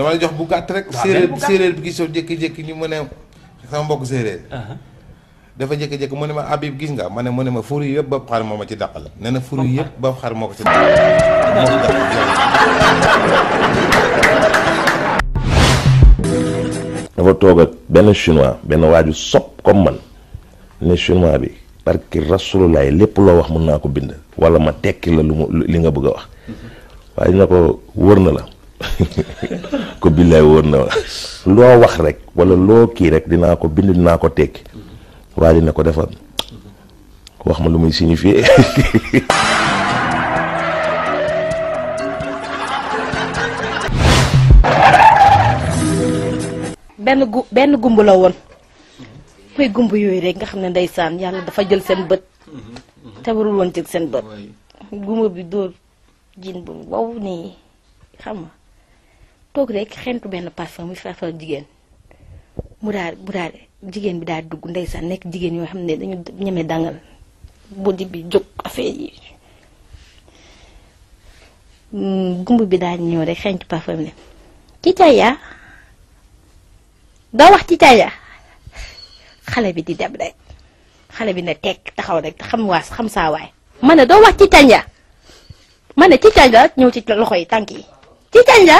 dama la jox bu gàtt rek séeréer séeréer bi gisoo jékki-jékki ni mu ne sama mbokk séeréer dafa jékki-jékki mu ne ma Habib gis nga ma ne mu ne ma furi yëpp ya, ba xar moo ma ci dàqal nee na furi ba xar moo ko ci dàqal dafa toog ak benn chinois benn waaju sopp comme man ne chinois bi barki wax mën ko bind wala ma tekki la li nga bëgg wax ko la ko billaay wóor na loo wax rek wala loo kii rek dinaa ko bind dinaa ko tekki waa dina ko defal wax ma lu muy signifier benn gu benn gumb la woon mooy gumb yooyu rek nga xam ne ndeysaan yàlla dafa jël seen bët te warul woon jël seen bët gumb bi dóor jin bu wow nii xam toog rek xentu benn parfum muy farfal jigéen mu daal mu daal jigéen bi daal dugg ndeysaan nekk jigéen yoo xam ne dañu ñeme dangal bu bi jóg affaire yi mm, gumb bi daal ñëw rek xentu parfum ne ci caaya doo wax ci caaya xale bi di dem rek xale bi ne tekk taxaw rek xam waas xam saa waay ma doo wax ci canja ma ne ci canja ñëw ci loxo yi tànk yi ci canja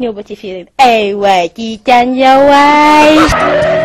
Nobody feeling. Hey, wait, you done your way.